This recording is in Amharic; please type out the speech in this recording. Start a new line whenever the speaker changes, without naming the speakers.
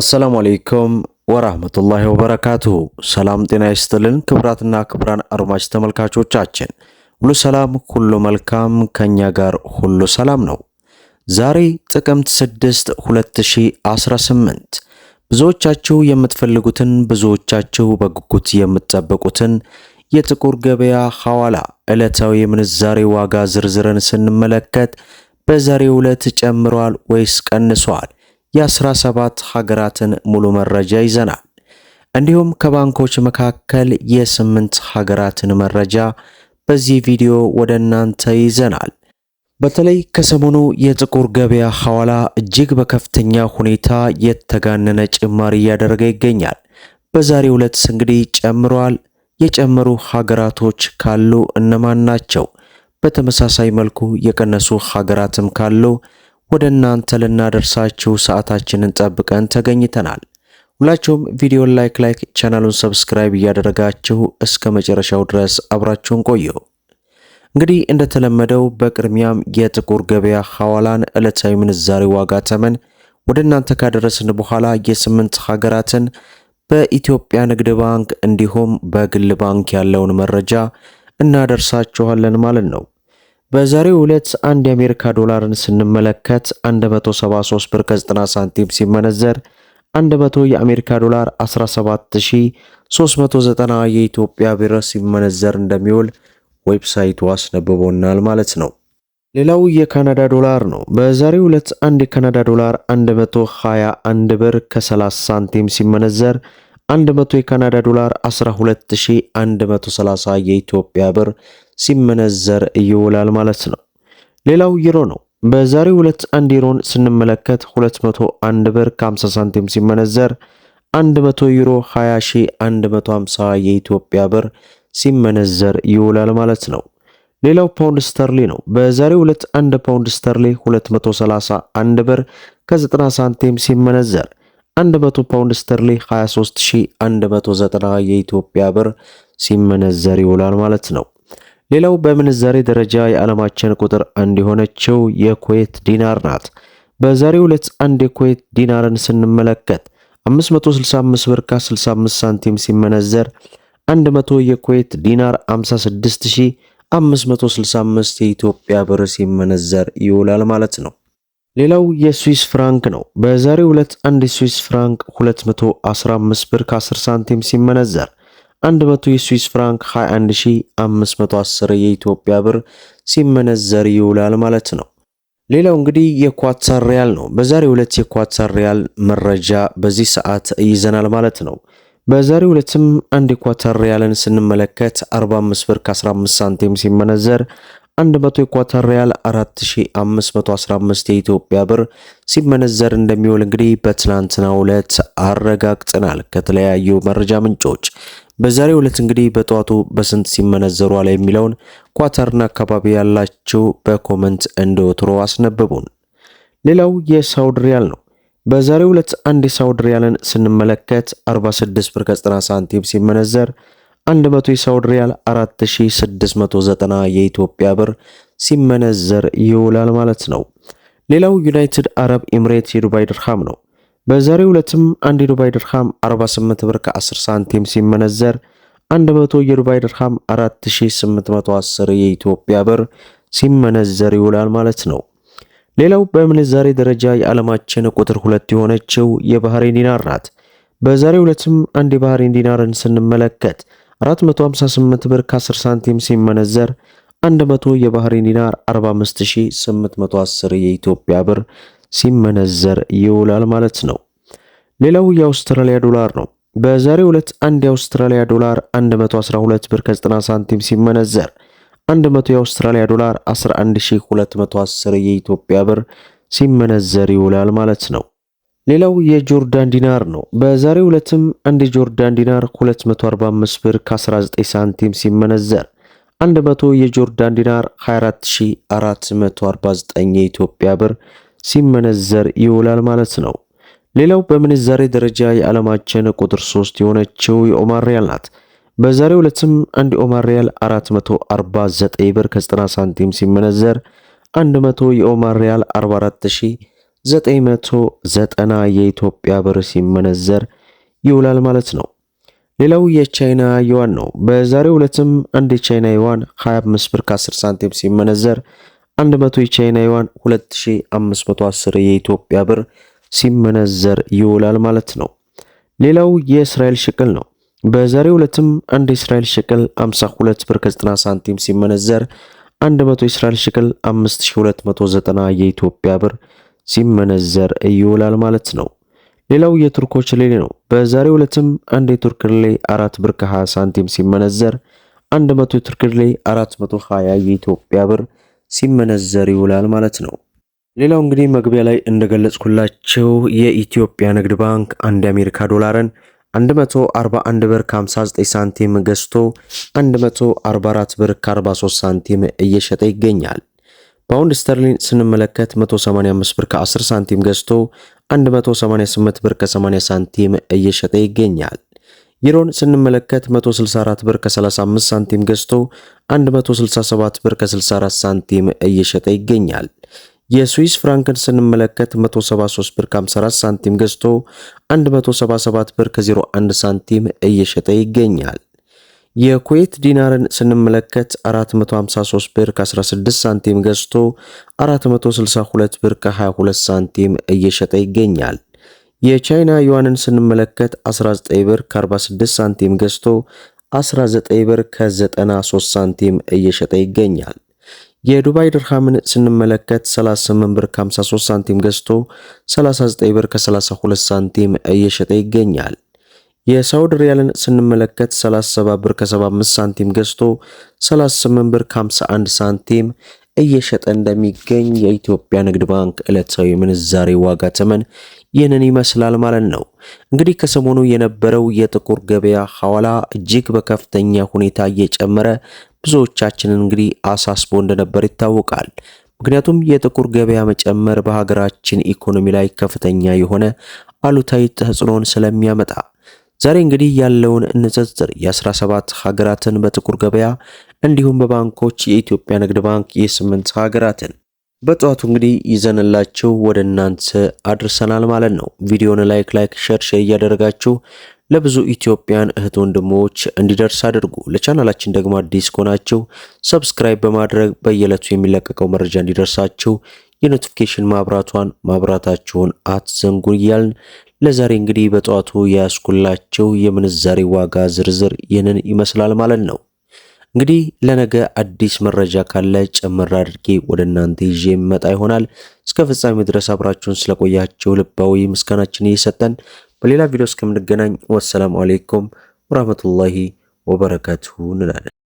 አሰላሙ አሌይኩም ወራህመቱላሂ ወበረካቱሁ። ሰላም ጤና ይስጥልን ክብራትና ክብራን አድማጭ ተመልካቾቻችን ሁሉ ሰላም ሁሉ መልካም፣ ከኛ ጋር ሁሉ ሰላም ነው። ዛሬ ጥቅምት 6 2018 ብዙዎቻችሁ የምትፈልጉትን ብዙዎቻችሁ በጉጉት የምትጠብቁትን የጥቁር ገበያ ሐዋላ ዕለታዊ የምንዛሬ ዋጋ ዝርዝርን ስንመለከት በዛሬው ዕለት ጨምሯል ወይስ ቀንሷል? የ17 ሀገራትን ሙሉ መረጃ ይዘናል። እንዲሁም ከባንኮች መካከል የስምንት ሀገራትን መረጃ በዚህ ቪዲዮ ወደ እናንተ ይዘናል። በተለይ ከሰሞኑ የጥቁር ገበያ ሐዋላ እጅግ በከፍተኛ ሁኔታ የተጋነነ ጭማሪ እያደረገ ይገኛል። በዛሬ ዕለት እንግዲህ ጨምሯል። የጨመሩ ሀገራቶች ካሉ እነማን ናቸው? በተመሳሳይ መልኩ የቀነሱ ሀገራትም ካሉ ወደ እናንተ ልናደርሳችሁ ሰዓታችንን ጠብቀን ተገኝተናል። ሁላችሁም ቪዲዮን ላይክ ላይክ ቻናሉን ሰብስክራይብ እያደረጋችሁ እስከ መጨረሻው ድረስ አብራችሁን ቆዩ። እንግዲህ እንደተለመደው በቅድሚያም የጥቁር ገበያ ሐዋላን ዕለታዊ ምንዛሬ ዋጋ ተመን ወደ እናንተ ካደረስን በኋላ የስምንት ሀገራትን በኢትዮጵያ ንግድ ባንክ እንዲሁም በግል ባንክ ያለውን መረጃ እናደርሳችኋለን ማለት ነው። በዛሬው ዕለት አንድ የአሜሪካ ዶላርን ስንመለከት 173 ብር ከ90 ሳንቲም ሲመነዘር 100 የአሜሪካ ዶላር 17390 የኢትዮጵያ ብር ሲመነዘር እንደሚውል ዌብሳይቱ አስነብቦናል ማለት ነው። ሌላው የካናዳ ዶላር ነው። በዛሬው ዕለት አንድ የካናዳ ዶላር 121 ብር ከ30 ሳንቲም ሲመነዘር 100 የካናዳ ዶላር 12130 የኢትዮጵያ ብር ሲመነዘር ይውላል ማለት ነው። ሌላው ዩሮ ነው። በዛሬው ዕለት አንድ ዩሮን ስንመለከት 201 ብር ከ50 ሳንቲም ሲመነዘር 100 ዩሮ 20150 የኢትዮጵያ ብር ሲመነዘር ይውላል ማለት ነው። ሌላው ፓውንድ ስተርሊ ነው። በዛሬው ዕለት አንድ ፓውንድ ስተርሊ 231 ብር ከ90 ሳንቲም ሲመነዘር 100 ፓውንድ ስተርሊ 23190 የኢትዮጵያ ብር ሲመነዘር ይውላል ማለት ነው። ሌላው በምንዛሬ ደረጃ የዓለማችን ቁጥር አንድ የሆነችው የኩዌት ዲናር ናት። በዛሬው ዕለት አንድ የኩዌት ዲናርን ስንመለከት 565 ብር ከ65 ሳንቲም ሲመነዘር 100 የኩዌት ዲናር 56565 የኢትዮጵያ ብር ሲመነዘር ይውላል ማለት ነው። ሌላው የስዊስ ፍራንክ ነው። በዛሬው ዕለት አንድ የስዊስ ፍራንክ 215 ብር ከ10 ሳንቲም ሲመነዘር 100 የስዊስ ፍራንክ 21510 የኢትዮጵያ ብር ሲመነዘር ይውላል ማለት ነው። ሌላው እንግዲህ የኳታር ሪያል ነው። በዛሬው ዕለት የኳታር ሪያል መረጃ በዚህ ሰዓት ይዘናል ማለት ነው። በዛሬው ዕለትም አንድ የኳታር ሪያልን ስንመለከት 45 ብር ከ15 ሳንቲም ሲመነዘር 100 የኳታር ሪያል 4515 የኢትዮጵያ ብር ሲመነዘር እንደሚውል እንግዲህ በትናንትናው ዕለት አረጋግጠናል ከተለያዩ መረጃ ምንጮች። በዛሬው ዕለት እንግዲህ በጠዋቱ በስንት ሲመነዘሩ አለ የሚለውን ኳታርና አካባቢ ያላችሁ በኮመንት እንደወትሮ አስነብቡን። ሌላው የሳውድ ሪያል ነው። በዛሬው ዕለት አንድ የሳውድ ሪያልን ስንመለከት 46 ብር ከ90 ሳንቲም ሲመነዘር 100 የሳውዲ ሪያል 4690 የኢትዮጵያ ብር ሲመነዘር ይውላል ማለት ነው። ሌላው ዩናይትድ አረብ ኤምሬት የዱባይ ድርሃም ነው። በዛሬው ዕለትም አንድ የዱባይ ድርሃም 48 ብር ከ10 ሳንቲም ሲመነዘር 100 የዱባይ ድርሃም 4810 የኢትዮጵያ ብር ሲመነዘር ይውላል ማለት ነው። ሌላው በምንዛሬ ደረጃ የዓለማችን ቁጥር ሁለት የሆነችው የባህሬን ዲናር ናት። በዛሬው ዕለትም አንድ የባህሬን ዲናርን ስንመለከት 458 ብር ከ10 ሳንቲም ሲመነዘር 100 የባህሬን ዲናር 45810 የኢትዮጵያ ብር ሲመነዘር ይውላል ማለት ነው። ሌላው የአውስትራሊያ ዶላር ነው። በዛሬው ዕለት አንድ የአውስትራሊያ ዶላር 112 ብር ከ90 ሳንቲም ሲመነዘር 100 የአውስትራሊያ ዶላር 11210 የኢትዮጵያ ብር ሲመነዘር ይውላል ማለት ነው። ሌላው የጆርዳን ዲናር ነው። በዛሬው ዕለትም አንድ የጆርዳን ዲናር 245 ብር ከ19 ሳንቲም ሲመነዘር 100 የጆርዳን ዲናር 24449 የኢትዮጵያ ብር ሲመነዘር ይውላል ማለት ነው። ሌላው በምንዛሬ ደረጃ የዓለማችን ቁጥር 3 የሆነችው የኦማር ሪያል ናት። በዛሬው ዕለትም አንድ የኦማር ሪያል 449 ብር ከ90 ሳንቲም ሲመነዘር 100 የኦማር ሪያል 44 990 የኢትዮጵያ ብር ሲመነዘር ይውላል ማለት ነው። ሌላው የቻይና ዩዋን ነው። በዛሬው ዕለትም አንድ የቻይና ዩዋን 25 ብር ከ10 ሳንቲም ሲመነዘር 100 የቻይና ዩዋን 2510 የኢትዮጵያ ብር ሲመነዘር ይውላል ማለት ነው። ሌላው የእስራኤል ሽቅል ነው። በዛሬው ዕለትም አንድ የእስራኤል ሽቅል 52 ብር ከ90 ሳንቲም ሲመነዘር 100 የእስራኤል ሽቅል 5290 የኢትዮጵያ ብር ሲመነዘር ይውላል ማለት ነው። ሌላው የቱርኮች ሌሌ ነው። በዛሬው ዕለትም አንድ የቱርክ ሌሌ 4 ብር ከ20 ሳንቲም ሲመነዘር 100 የቱርክ ሌሌ 420 የኢትዮጵያ ብር ሲመነዘር ይውላል ማለት ነው። ሌላው እንግዲህ መግቢያ ላይ እንደገለጽኩላችሁ የኢትዮጵያ ንግድ ባንክ አንድ የአሜሪካ ዶላርን 141 ብር ከ59 ሳንቲም ገዝቶ 144 ብር ከ43 ሳንቲም እየሸጠ ይገኛል። ፓውንድ ስተርሊን ስንመለከት 185 ብር ከ10 ሳንቲም ገዝቶ 188 ብር ከ80 ሳንቲም እየሸጠ ይገኛል። ዩሮን ስንመለከት 164 ብር ከ35 ሳንቲም ገዝቶ 167 ብር ከ64 ሳንቲም እየሸጠ ይገኛል። የስዊስ ፍራንክን ስንመለከት 173 ብር ከ54 ሳንቲም ገዝቶ 177 ብር ከ01 ሳንቲም እየሸጠ ይገኛል። የኩዌት ዲናርን ስንመለከት 453 ብር ከ16 ሳንቲም ገዝቶ 462 ብር ከ22 ሳንቲም እየሸጠ ይገኛል። የቻይና ዩዋንን ስንመለከት 19 ብር ከ46 ሳንቲም ገዝቶ 19 ብር ከ93 ሳንቲም እየሸጠ ይገኛል። የዱባይ ድርሃምን ስንመለከት 38 ብር ከ53 ሳንቲም ገዝቶ 39 ብር ከ32 ሳንቲም እየሸጠ ይገኛል። የሳውዲ ሪያልን ስንመለከት 37 ብር ከ75 ሳንቲም ገዝቶ 38 ብር ከ51 ሳንቲም እየሸጠ እንደሚገኝ የኢትዮጵያ ንግድ ባንክ ዕለታዊ ምንዛሬ ዋጋ ተመን ይህንን ይመስላል ማለት ነው። እንግዲህ ከሰሞኑ የነበረው የጥቁር ገበያ ሐዋላ እጅግ በከፍተኛ ሁኔታ እየጨመረ ብዙዎቻችንን እንግዲህ አሳስቦ እንደነበር ይታወቃል። ምክንያቱም የጥቁር ገበያ መጨመር በሀገራችን ኢኮኖሚ ላይ ከፍተኛ የሆነ አሉታዊ ተጽዕኖን ስለሚያመጣ ዛሬ እንግዲህ ያለውን ንጽጽር የ17 ሀገራትን በጥቁር ገበያ እንዲሁም በባንኮች የኢትዮጵያ ንግድ ባንክ የስምንት ሀገራትን በጠዋቱ እንግዲህ ይዘንላችሁ ወደ እናንተ አድርሰናል ማለት ነው። ቪዲዮን ላይክ ላይክ ሸር ሼር እያደረጋችሁ ለብዙ ኢትዮጵያን እህት ወንድሞች እንዲደርስ አድርጉ። ለቻናላችን ደግሞ አዲስ ከሆናችሁ ሰብስክራይብ በማድረግ በየዕለቱ የሚለቀቀው መረጃ እንዲደርሳችሁ የኖቲፊኬሽን ማብራቷን ማብራታችሁን አትዘንጉ እያልን ለዛሬ እንግዲህ በጠዋቱ የያዝኩላቸው የምንዛሬ ዋጋ ዝርዝር ይህንን ይመስላል ማለት ነው። እንግዲህ ለነገ አዲስ መረጃ ካለ ጨምር አድርጌ ወደ እናንተ ይዤ የሚመጣ ይሆናል። እስከ ፍጻሜ ድረስ አብራችሁን ስለቆያችሁ ልባዊ ምስጋናችን እየሰጠን በሌላ ቪዲዮ እስከምንገናኝ ወሰላሙ አሌይኩም ወራህመቱላሂ ወበረከቱሁ እንላለን።